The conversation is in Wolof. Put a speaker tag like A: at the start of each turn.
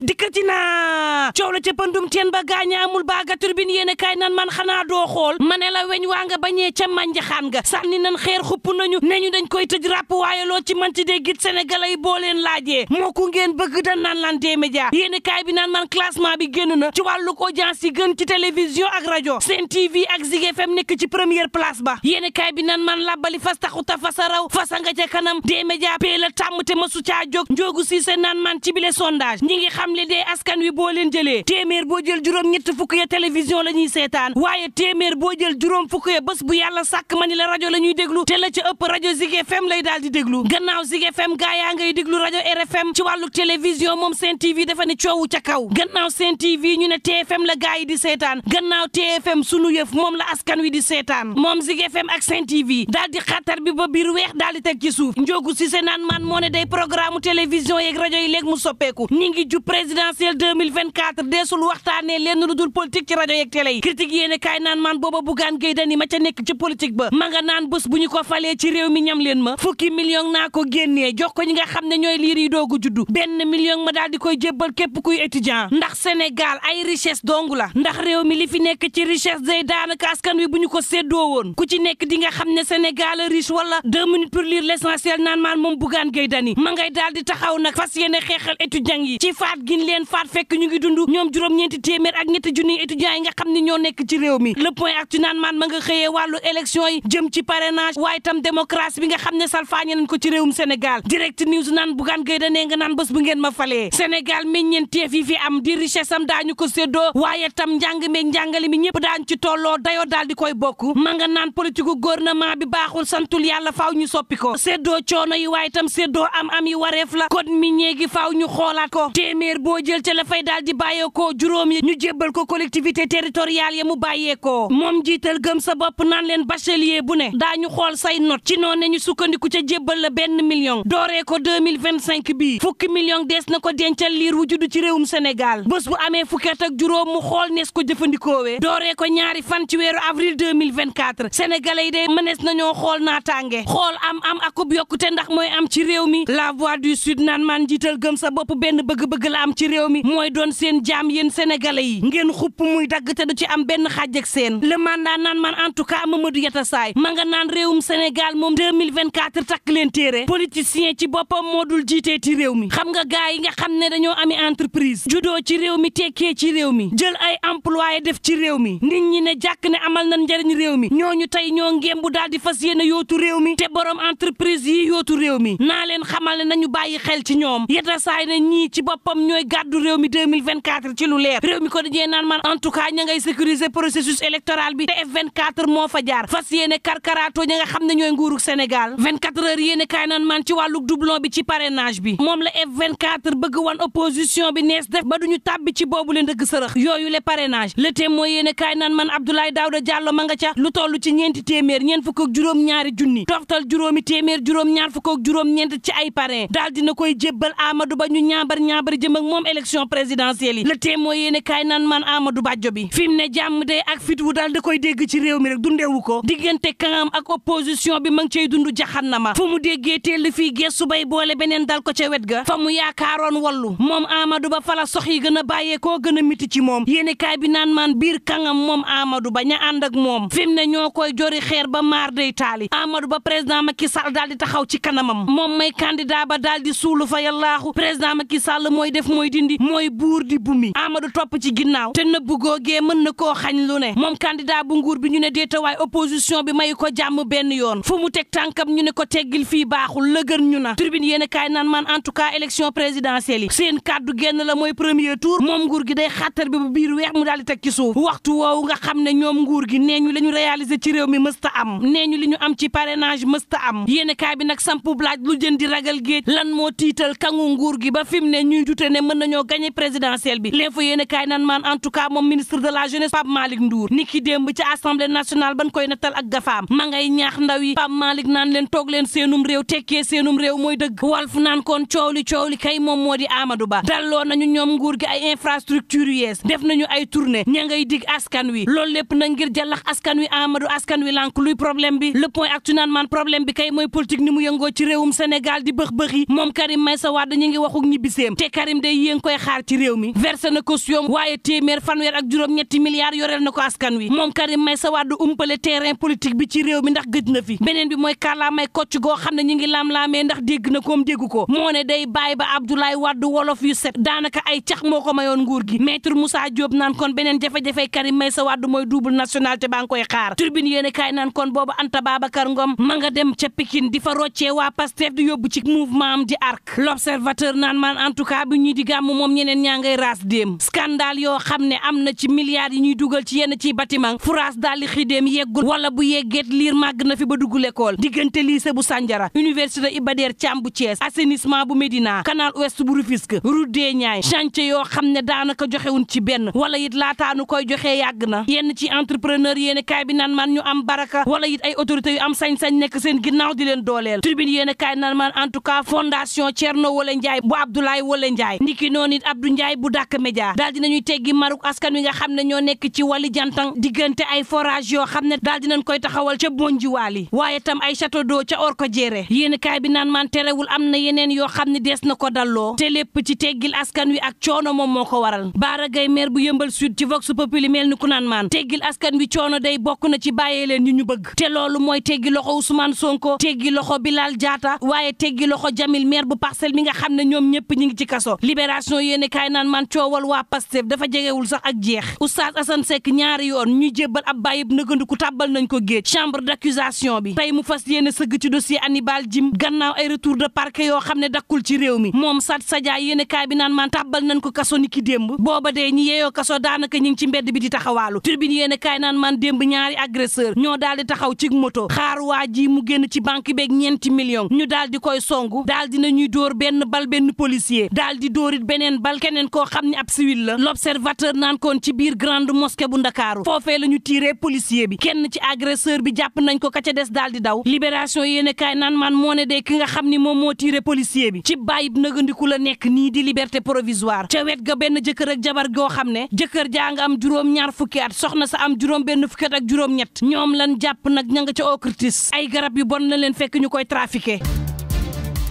A: dikkati naa coow la ca pandum teen ba gaaña amul baaga turbine yéen a nan man xanaa doo xool ma la weñ waa nga bañee ca mànjaxaan nga sànni nan xeer xupp nañu ne ñu dañ koy tëj ràpp waaye loo ci manti dee git sénégalais yi boo leen laajee moo ko ngeen bëgg dan naan lan dee média yéen kaay bi naan man classement bi génn na ci wàllu audience yi gën ci télévision ak rajo Sen TV ak Zik FM nekk ci première place ba yéen kaay bi nan man labbali fas taxu ta fasa raw fasa nga ca kanam dee média pee la tàmm te masu caa jóg njoogu siise naan man ci bile sondage xamle dee askan wi boo leen jëlee téeméer boo jël juróom ñett fukk ya télévision la ñuy seetaan waaye téeméer boo jël juróom fukk ya bés bu yàlla sàkk ma ni la rajo la ñuy déglu te la ci ëpp rajo Zik FM lay daal di déglu gannaaw Zik FM gaa yaa ngay déglu rajo RFM ci wàllu télévision moom Sen TV dafa ne coowu ca kaw gannaaw Sen TV ñu ne TFM la gaa yi di seetaan gannaaw TFM sunu yëf moom la askan wi di seetaan moom Zik FM ak Sen TV daal di xatar bi ba biir weex daal di teg ci suuf Njoogu Cissé naan man moo ne day programme télévision yeeg rajo yi léegi mu soppeeku présidentielle 2024 deesul waxtaanee lenn lu dul politique ci rajo yeeg télé yi critique yéene kaay naan man booba Bougane Gueye Dany ma ca nekk ci politique ba ma naan bés bu ñu ko falee ci réew mi ñam leen ma fukki million naa ko génnee jox ko ñi nga xam ne ñooy liir yi doogu juddu benn million ma daal di koy jébbal képp kuy étudiant ndax Sénégal ay richesse dong la ndax réew mi li fi nekk ci richesse day daanaka askan wi bu ñu ko séddoo woon ku ci nekk di nga xam ne Sénégal riche wala deux minutes pour lire l'essentiel naan maan moom Bougane Gueye Dany ma ngay daal di taxaw nag fas yéene xeexal étudiant yi ci gin leen faat fekk ñu ngi dund ñoom juróom-ñeenti téeméer ak ñetti junniy étudiants yi nga xam ne ñoo nekk ci réew mi le point ak ci naan maan ma nga xëyee wàllu élection yi jëm ci parrainage waaye tam démocratie bi nga xam ne salfaañe nañ ko ci réewum Sénégal direct news naan bugaan gay nga naan bés bu ngeen ma falee Sénégal meññeenteef yi fi am di richesse am daañu ko séddoo waaye tam njàng meeg njàngale mi ñëpp daañu ci tolloo dayo daal di koy bokk ma nga naan politique gu gouvernement bi baaxul santul yàlla faaw ñu soppi ko séddoo coono yi waaye tam séddoo am am yi wareef la code minier faaw ñu xoolaat ko téeméer boo jël ca la fay daal di bàyyeekoo juróom yi ñu jébbal ko collectivité territoriale ya mu ko moom jiital gëm sa bopp naan leen bachelier bu ne ñu xool say not ci noon ne ñu sukkandiku ca jébbal la benn million dooree ko 2025 bii fukki million dees na ko dencal liir wu juddu ci réewum Sénégal bés bu amee fukki at ak juróom mu xool nees ko jëfandikoowee dooree ko ñaari fan ci weeru avril 2024 sénégalais yi de mënees nañoo xool naataange xool am am akub yokkute ndax mooy am ci réew mi la voix du sud naan maan jiital gëm sa bopp benn bëgg la am ci réew mi mooy doon seen jaam yéen sénégalais yi ngeen xupp muy dagg te du ci am benn xaaj ak seen le daa naan man en tout cas Mamadou Yatasaay ma nga naan réewum Sénégal moom 2024 takk leen téere politicien ci boppam moo dul jiitee ci réew mi xam nga gaay yi nga xam ne dañoo ami entreprise judoo ci réew mi tekkee ci réew mi jël ay employé def ci réew mi nit ñi ne jàkk ne amal nañ njëriñ réew mi ñooñu tey ñoo ngéem bu daal di fas yéene yootu réew mi te borom entreprise yi yootu réew mi naa leen xamal ne bàyyi xel ci ñoom ñooy gàddu réew mi 2024 ci lu leer réew mi ko dañee naan man en tout cas ña ngay sécuriser processus électoral bi te F24 moo fa jaar fas yéene karkaraatoo ña nga xam ne ñooy nguuruk Sénégal 24 heures yéene kaay naan man ci wàllu doublon bi ci parrainage bi moom la F24 bëgg wan opposition bi nees def ba duñu tàbbi ci boobu le ndëgg yooyu le parrainage le thème mooy yéene kaay naan man Abdoulaye Daouda Diallo ma nga ca lu toll ci ñeenti téeméer ñeent fukk ak juróom ñaari junni toftal juróomi téeméer juróom ñaar fukk ak juróom ñeent ci ay parrain dina koy jébbal Amadou Ba ñu ñaabar ñaabar jëm ak moom élection présidentielle yi le témoin yéene kaay naan man amadu Badjo bi fi mu ne jàmm day ak fit wu daal da koy dégg ci réew mi rek dundeewu ko diggante kanam ak opposition bi ma ngi cay dund jaxan na ma fu mu déggee teel fii gestu bay boole beneen dal ko ce wet ga fa mu yaakaaroon wallu moom Amadou Ba fala sox yi gën a bàyyee koo gën a miti ci moom yéene kaay bi naan man biir kanam moom Amadou Ba ña ànd ak moom fi mu ne ñoo koy jori xeer ba maar day taali Amadou Ba président Macky Sall daal di taxaw ci kanamam moom may candidat ba daal di suulu fa yàllaaxu président Macky Sall mooy def Abbas mooy dindi mooy buur di bumi Amadou topp ci ginnaaw te nëbb googee mën na koo xañ lu ne moom candidat bu nguur bi ñu ne déetawaay opposition bi may ko jàmm benn yoon fu mu teg tànkam ñu ne ko teggil fii baaxul lëgër ñu na tribune yéen a kaay nan man en tout cas élection présidentielle yi seen kàddu genn la mooy premier tour moom nguur gi day xàttar bi bu biir weex mu daal di teg ci suuf waxtu woowu nga xam ne ñoom nguur gi nee ñu la ñu réaliser ci réew mi mësta am nee ñu li ñu am ci parrainage mësta am yéen a bi nag sampu blaaj lu jën di ragal géej lan moo tiital kangu nguur ne mën nañoo gagné présidentielle bi l'info yéen kaay nan maan en tout cas moom ministre de la jeunesse Pape Malick Ndour ni ki démb ci assemblée nationale ban koy nattal ak gafaam ma ngay ñaax ndaw yi Pape Malick leen toog leen seenum réew tekkee seenum réew mooy dëgg walf naan kon coow li coow li kay moom moo di Amadou Ba dalloo nañu ñoom nguur gi ay infrastructure yees def nañu ay tournée ña ngay dig askan wi loolu lépp na ngir jàllax askan wi Amadou askan wi lànk luy problème bi le point actu naan man bi kay mooy politique ni mu yëngoo ci réewum Sénégal di bëx bëx yi moom Karim Meïssa Wade ñu ngi waxuk ñibbiseem te de yéen koy xaar ci réew mi versé na caution waaye téeméer fanweer ak juróom-ñetti milliards yoreel na ko askan wi moom Karim Meïssa Wade umpale terrain politique bi ci réew mi ndax gëj na fi beneen bi mooy kàllaamay kocc goo xam ne ñi ngi laam-laamee ndax dégg na koom dégg ko moo ne day bàyyi ba Abdoulaye Wade wolof yu set daanaka ay cax moo ko mayoon nguur gi maître Moussa Diop naan kon beneen jafe-jafe Karim Meïssa Wade mooy double nationalité baa koy xaar tribune yéene kaay naan kon boobu Anta Babacar Ngom ma di fa roccee waa Pastef ci mouvement am di arc mujj gàmm moom ñeneen ñaa ngay dem déem yoo xam ne am na ci milliards yi ñuy dugal ci yenn ci bâtiment fu raas daal di xidéem yeggul wala bu yeggeet liir màgg na fi ba dugg l'école diggante lycée bu Sandiara université Iba Der Thiam bu Thiès assainissement bu Médina canal ouest bu Rufisque route des Niayes yoo xam ne daanaka joxewun ci benn wala it nu koy joxe yàgg na yenn ci entrepreneur yéen kaay bi naan man ñu am baraka wala it ay autorités yu am sañ-sañ nekk seen ginnaaw di leen dooleel tribune yéen kaay naan en tout cas fondation Thierno Wala Ndiaye bu Abdoulaye Wala Ndiaye niki noonu it Abdou Ndiaye bu Dak Média daal dinañuy teggi maruk askan wi nga xam ne ñoo nekk ci wàlli jantang diggante ay forage yoo xam ne daal dinañ koy taxawal ca Bondiwaali waaye tam ay cato do ca Orko Jéré yéen kaay bi naan man terewul am na yeneen yoo xam ne des na ko dalloo te lépp ci teggil askan wi ak coono moom moo ko waral Baara Gaye bu yëmbal sud ci Vox Populi mel ni ku naan maan teggil askan wi coono day bokk na ci bàyyee leen ñu ñu bëgg te loolu mooy teggi loxo Ousmane Sonko teggi loxo Bilal Diatta waaye teggi loxo Jamil maire bu parcelle mi nga xam ne ñoom ñëpp ñi ngi ci kaso libération yéene kaay naan man coowal waa Pastef dafa jegewul sax ak jeex oustaz Assane Seck ñaari yoon ñu jébbal ab bàyyib nëgandiku tàbbal nañ ko géej chambre d'accusation bi tey mu fas yéene sëgg ci dossier Hannibal Djim gannaaw ay retour de parquet yoo xam ne dakkul ci réew mi moom Sat Sadia yéene kaay bi naan man tàbbal nañ ko kaso ni ki démb booba dee ñi yeeyoo kaso daanaka ñi ngi ci mbedd bi di taxawaalu tribune yéene kaay naan man démb ñaari agresseur ñoo daal di taxaw ci moto xaar waa ji mu génn ci banque beeg ñeenti million ñu daal di koy song daal dina ñuy dóor benn bal benn policier daal di dóorit beneen bal keneen koo xam ne ab civil la l'observateur naan koon ci biir grande mosquée bu ndakaaru foofee la ñu tiiree policier bi kenn ci agresseur bi jàpp nañ ko ka ca des daal di daw libération yéene kaay naan man moo ne de ki nga xam ni moom moo tiiree policier bi ci bàyyib nagandiku la nekk nii di liberte provisoire ca wet ga benn jëkkër ak jabar goo xam ne jëkkër jaa nga am juróom ñaar fukki at soxna sa am juróom benn fukki ak juróom ñett ñoom lan jàpp nag ña nga ca ocritis ay garab yu bon la leen fekk ñu koy trafiqué